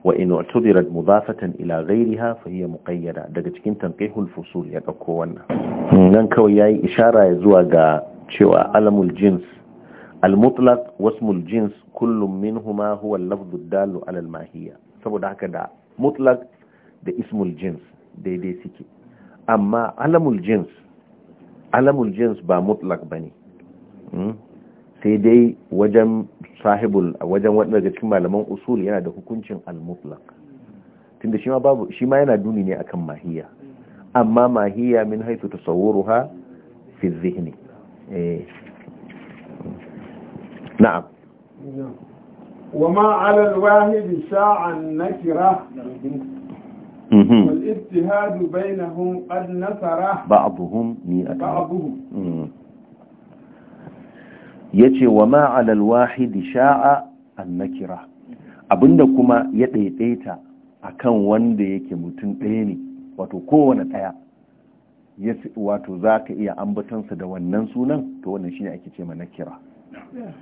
wa in u'tibirat mudafatan ila ghayriha fa hiya muqayyada daga cikin tanqihul fusul ya dauko wannan nan kawai yayi ishara ya zuwa ga cewa alamul jins al-mutlaq wasmul jins kullum huma huwa al-lafdhu ad-dallu ala al-mahiyya saboda haka da mutlaq da ismul jins daidai suke amma alamul jins alamul jins ba mutlaq bane hmm? sai dai wajen sahibul wajen wanda daga cikin malaman usul yana da hukuncin al-mutlaq tunda shi ma babu shi ma yana duni ne akan mahiya amma mahiya min haythu tasawwuruha fi dhihni eh na'am وما على الواحد ساعة نكرة والابتهاد بينهم قد نثره بعضهم مئة بعضهم yace wa ma wahidi sha'a annakira abinda kuma ya daidaita akan wanda yake mutum ɗaya ne wato kowane ɗaya wato za ka iya ambatansa da wannan sunan to wannan shine ake ce ma nakira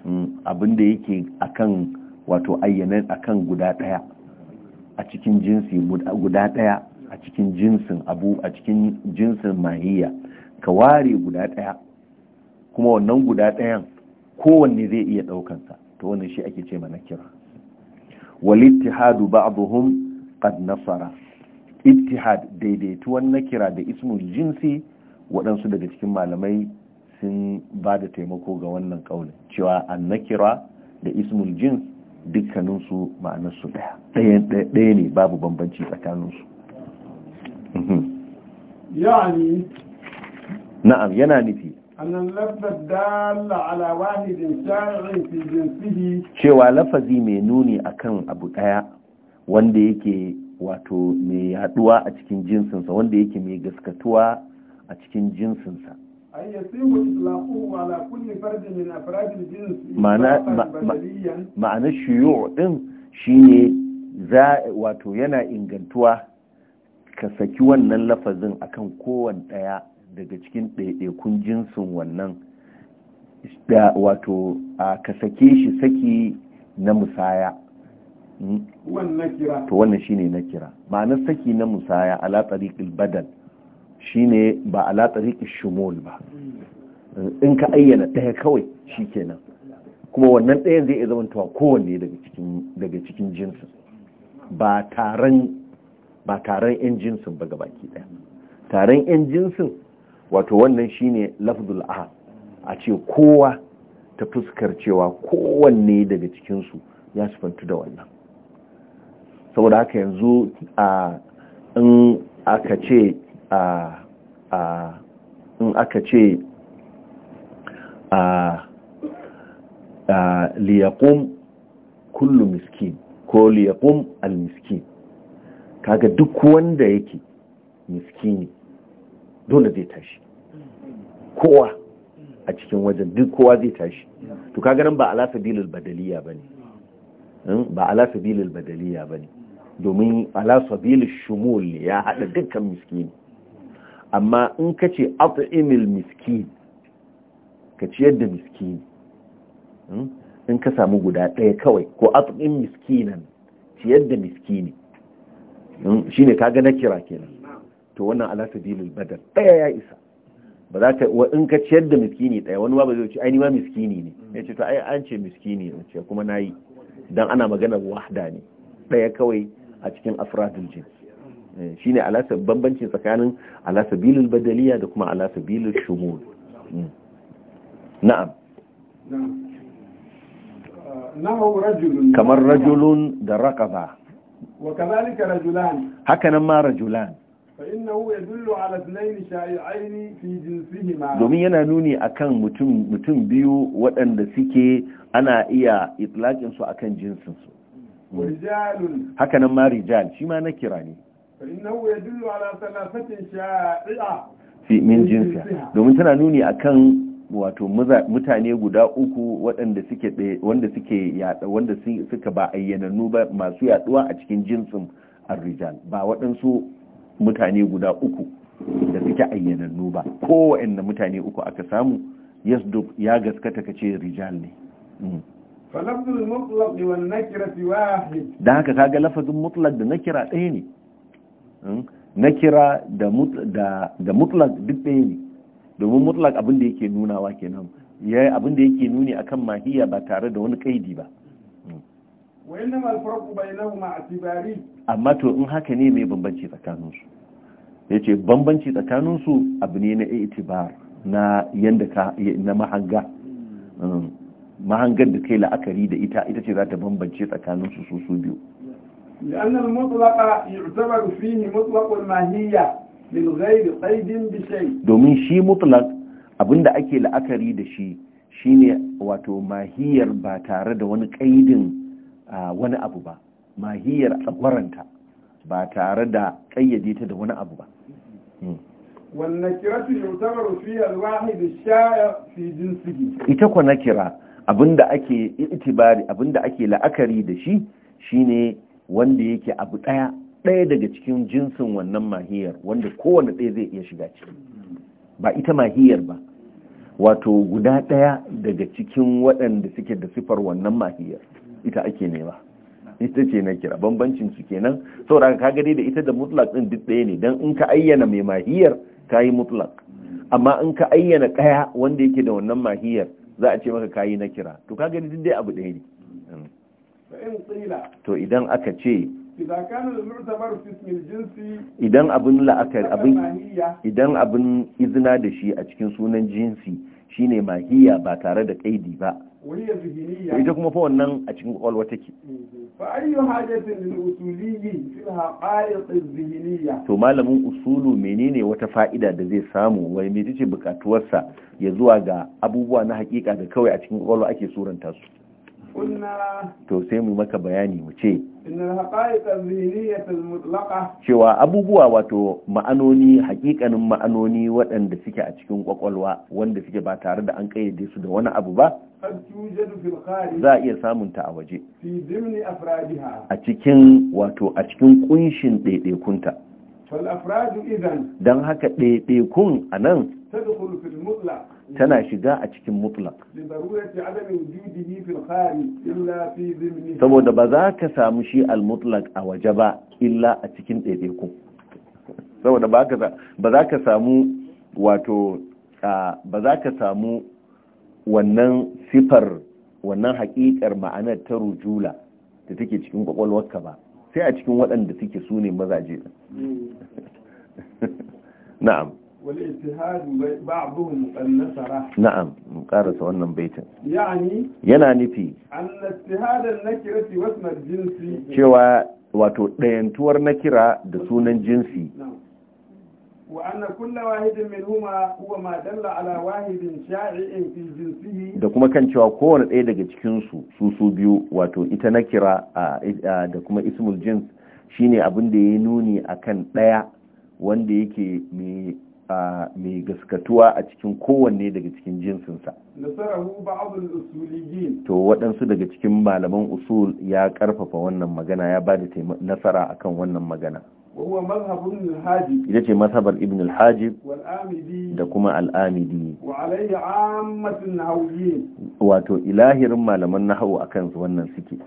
hmm, abinda yake akan wato ayyana akan guda ɗaya a cikin jinsi guda ɗaya a cikin jinsin abu a cikin jinsin mahiya ka ware guda ɗaya kuma wannan guda ɗayan kowanne zai iya ɗaukansa ta wannan shi ake ce mana kira walittihadu ba'dhum qad nasara ittihad daidaituwan nakira da ismul jinsi waɗansu daga cikin malamai sun ba da taimako ga wannan ƙaunin cewa an nakira da ismul jins dukkaninsu ma'anarsu ɗaya ɗaya ne babu bambanci tsakaninsu na'am yana nufi أن اللفظ الدال على واحد شارع في جنسه cewa lafazi mai nuni akan abu ɗaya wanda yake wato mai yaduwa a cikin jinsinsa wanda yake mai gaskatuwa a cikin jinsinsa ma'ana shiyu din shine za wato yana ingantuwa ka saki wannan lafazin akan kowanne ɗaya daga cikin ɗaiɗaikun jinsin wannan da wato ka sake shi saki na musaya hmm? to wannan shine na kira ma'anar saki na musaya ala tariqil badal shine ba ala tariqil ba hmm. in ka ayyana ɗaya kawai shi kenan kuma wannan ɗayan zai iya tuwa kowanne daga cikin jinsin ba taron ba yan jinsin ba gabaki ɗaya taron yan jinsin wato wannan shine lafzul ahad a ce kowa ta fuskar cewa kowanne daga cikinsu ya sifantu da wannan saboda haka yanzu a in aka ce a in aka ce a kullu miskin ko liyaqum al-miskin kaga duk wanda yake miskini dole zai tashi kowa a cikin wajen duk kowa zai tashi to kaga nan ba ala sabilul badaliya bane hmm? ba ala sabilul badaliya bane domin ala sabilul shumul ya hada dukkan miskini amma in kace at'imil miskin ka ciyar da miskini hmm? in ka samu guda ɗaya kawai ko at'im miskinan ciyar da miskini hmm? shine kaga kira kenan to wannan ala sabilil badal ɗaya ya isa ba za ta wa in ka ciyar da miskini ɗaya wani ma ba zai ce ai ni ma miskini ne ya ce to ai an ce miskini ne ce kuma nayi dan ana magana wahda ne Ɗaya kawai a cikin afradul eh, Shi shine ala bambanci tsakanin ala sabilil badaliya da kuma ala sabilil shumul hmm. na'am kamar rajulun da raqaba wa kadhalika hakanan ma rajulan domin yana nuni akan mutum mutum biyu waɗanda suke ana iya itlaƙin su akan jinsin su haka nan ma rijal shi ma na kira ne min jinsiya domin tana nuni akan wato mutane guda uku waɗanda suke wanda suke yaɗa wanda suka ba ayyanannu ba masu yaduwa a cikin jinsin ar-rijal ba waɗansu mutane guda uku da suke ayyanannu ba kowanne mutane uku aka samu yasduk ya gaskata kace rijal ne mm. da haka kaga lafazin mutlaq da nakira ɗaya ne mm. nakira da mutlak duk ɗaya ne domin mutlaq abin da yake nunawa kenan ya abin da yake nuni akan mahiya ba tare da wani kaidi ba amma to in haka ne mai bambanci tsakaninsu ya ce bambanci tsakaninsu abu ne na itibar na yadda ka na mahanga mm. mahangar da kai la'akari da ita ita ce za ta bambance tsakaninsu su su biyu لأن المطلق يعتبر فيه مطلق الماهية من غير قيد بشيء domin shi mutlaq abinda ake la'akari da shi shine wato mahiyar ba tare da wani kaidin wani abu ba mahiyar tsagwaranta ba tare da kayyade ta da wani abu ba hmm. ita kwa nakira abinda ake itibari abinda ake la'akari da shi shine wanda yake abu daya daya daga cikin jinsin wannan mahiyar wanda kowane ɗaya zai iya shiga ciki ba ita mahiyar ba wato guda daya daga cikin waɗanda suke da sifar wannan mahiyar ita ake nema ita ce na kira bambancin su kenan saboda ka gani da ita da mutlak din duk ɗaya ne dan in ka ayyana mai mahiyar kayi mutlak amma in ka ayyana kaya wanda yake da wannan mahiyar za a ce maka kayi na kira to ka gani duk dai abu ɗaya ne hmm. to idan aka ce idan abin la'akari abin idan abin izina da shi a cikin sunan jinsi shine mahiya ba tare da kaidi ba ita kuma fa wannan a cikin kwakwalwa take mhm. to malamin usulu menene wata fa'ida da zai samu wani mai tace bukatuwarsa ya zuwa ga abubuwa na hakika da kawai a cikin kwakwalwa ake suranta su to sai mu maka bayani mu ce cewa abubuwa wato ma'anoni hakikanin ma'anoni waɗanda suke a cikin kwakwalwa wanda suke ba tare da an ƙayyade su da wani abu ba za a iya samunta a waje a cikin wato a cikin kunshin ɗaiɗaikunta don haka ɗaiɗaikun a nan tana shiga a cikin mutlaq saboda ba za ka samu shi al-mutlaq a waje ba illa a cikin ɗaiɗaiku saboda ba za ka samu wato ba za ka samu wannan sifar wannan haƙiƙar ma'anar ta rujula da take cikin kwakwalwarka ba sai a cikin waɗanda suke su ne mazaje hmm. [laughs] na'am na'am mu karasa wannan baitin yana nufi cewa wato ɗayantuwar nakira da sunan jinsi ma fi jinsihi. da kuma kan cewa kowane ɗaya daga cikin su su su biyu wato ita na kira da kuma ismul jins shine abin da ya nuni akan ɗaya wanda yake mai mai gaskatuwa a cikin kowanne daga cikin jinsinsa. To waɗansu daga cikin malaman usul ya ƙarfafa wannan magana ya ba da nasara a kan wannan magana. Ita ce mazhabar Ibn al-Hajib da kuma al'amidi. Wato ilahirin malaman na hau a kansu wannan suke.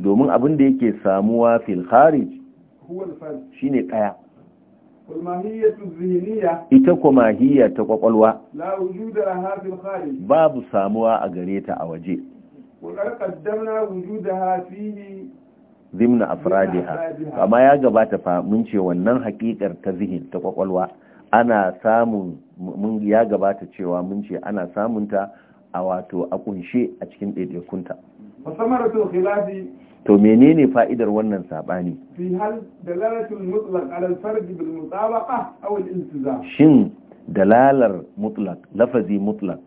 Domin abin da yake samuwa fil kharij shine ɗaya. ita kuma mahiya ta kwakwalwa babu samuwa a gare ta a waje zimna afradiha amma ya gabata fa mun ce wannan hakikar ta zihin ta kwakwalwa ana samun mun ya gabata cewa mun ce ana samunta a wato a kunshe a cikin ɗaiɗaikunta to menene fa'idar wannan saɓani shin dalalar mutlak lafazi mutlak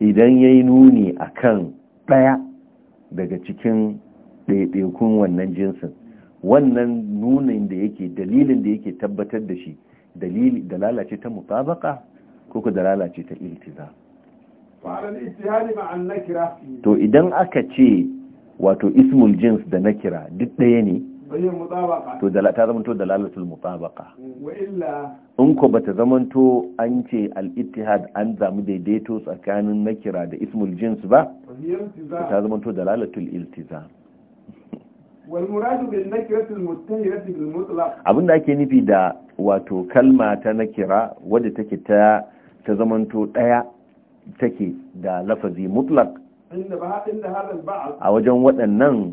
idan ya nuni a kan ɗaya daga cikin ɗaiɗaikun wannan jinsin wannan nunin da yake dalilin da yake tabbatar da shi dalala ce ta mutabaka ko ku dalala ce ta iltiza to idan aka ce wato ismul jins da na kira duk ɗaya ne to ta zamanto da lalatul mutabaka mm, in ko bata zamanto an ce al-ittihad an zamu daidaito tsakanin na kira da ismul jins ba ta zamanto da lalatul iltizam abin da ake nufi da wato kalma ta nakira wadda take ta zamanto ɗaya take da lafazi mutlak a wajen waɗannan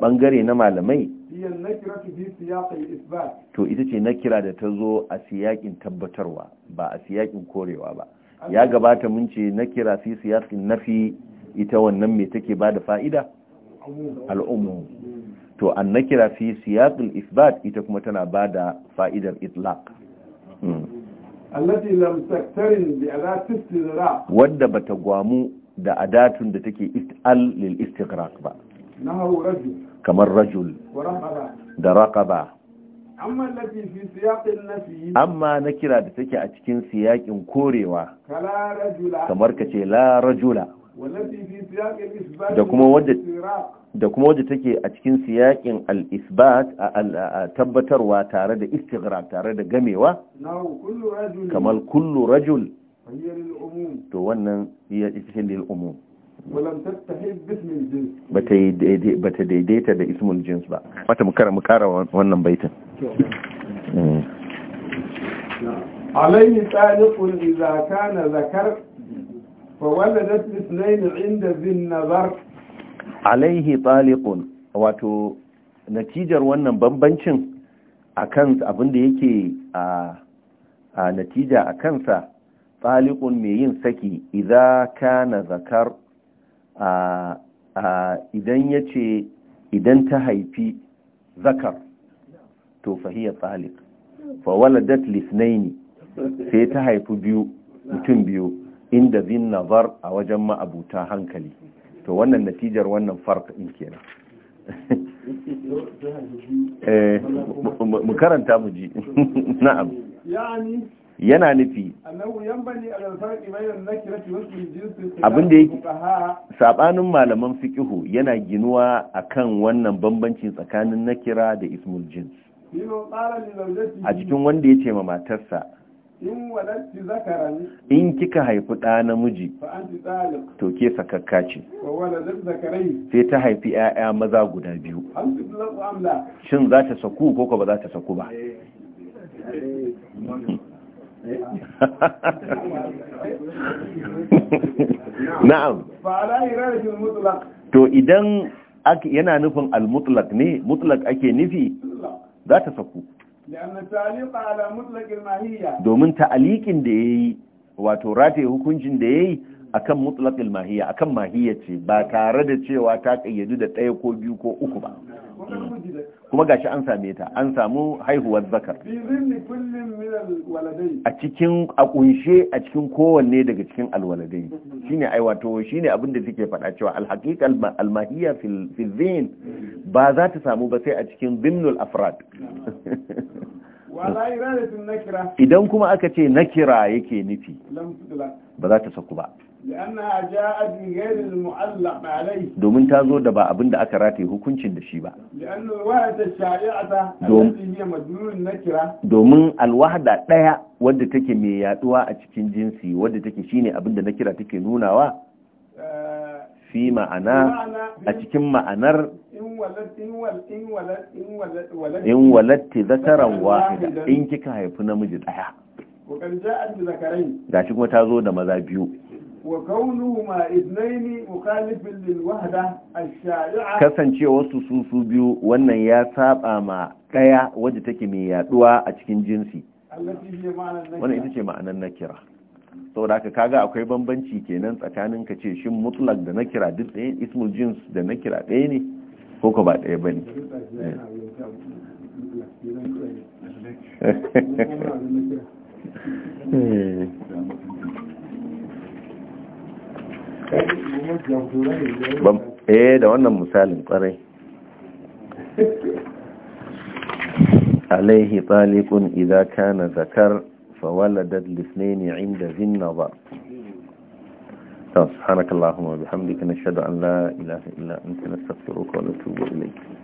ɓangare na malamai to ita ce na kira da ta zo a siyakin tabbatarwa ba a siyakin korewa ba ya gabata mun ce na kira fi siyakin nafi ita wannan mai take ba da fa'ida al'ummu to an na kira fi siyakin isbat ita kuma tana ba da fa'idar itlaq hmm. wadda bata gwamu da adatun da take al lil istigraq ba kamar rajul da raqaba amma na kira da take a cikin siyakin korewa kamar ka ce la rajula da kuma wadda da kuma wadda take a cikin siyakin al-isbat tabbatarwa tare da istighraq tare da gamewa kamar kullu rajul to wannan ya cikin da umum ba ta daidaita da ismul jins ba wata mu kara wannan baitin عليه طالق إذا كان ذكر فولدت الاثنين zin ذي النظر عليه طالق wato natijar wannan bambancin akan abin da yake a natija a kansa tsalikun mai yin saki idan kana zakar idan ya ce idan ta haifi zakar to fahiyar tsalik fawaladat naini sai ta haifi biyu mutum biyu inda zin nazar a wajen ma'abuta hankali to wannan natijar wannan farka in kenan [laughs] eh, mu karanta mu ji [laughs] na'am yana nufi abinda yake sabanin malaman fikihu yana ginuwa akan wannan bambanci tsakanin nakira da ismul jins a cikin wanda ya ce ma matarsa in kika haifi ɗa namiji to ke sakakka ce sai ta haifi 'ya'ya maza guda biyu shin za ta saku ko ba za ta saku ba eh. [laughs] Eh? [laughs] na'am to idan yana nufin al-mutlaq ne mutlaq ake nufi za ta saku domin ta'aliƙin da ya yi wato rataye hukuncin da ya yi akan mutlaqil mahiyya akan mahiyya ce ba tare da cewa ta ƙayyadu da ɗaya ko biyu ko uku ba kuma gashi an same ta an samu haihuwar zakar a cikin a kunshe a cikin kowanne daga cikin alwaladai shine ai wato shine abin da suke faɗa cewa alhaqiqa almahiyya fi zin ba za ta samu ba sai a cikin zinnul afrad [laughs] idan kuma aka ce nakira yake nufi ba za ta saku ba domin ta zo da ba abin da aka rataye hukuncin da shi ba domin alwahada ɗaya wadda take mai yaduwa a cikin jinsi wadda take shine abin da na kira take nunawa fi ma'ana a cikin ma'anar in walatti zakaran wahida in kika haifi namiji ɗaya gashi kuma ta zo da maza biyu وكونهما اثنين مخالف su biyu wannan ya saba ma ɗaya wadda take mai yaduwa a cikin jinsi wannan ita ce ma'anar nakira saboda haka kaga akwai bambanci kenan tsakanin ka ce shin mutlak da nakira duk ɗaya ismu jins da nakira ɗaya ne ko ka ba ɗaya bane eh [laughs] [laughs] [laughs] eh da wannan misalin kwarai alaihi talikun idza kana zakar fa waladat lithnaini inda zinnaba سبحانك اللهم وبحمدك نشهد أن لا إله إلا أنت نستغفرك ونتوب إليك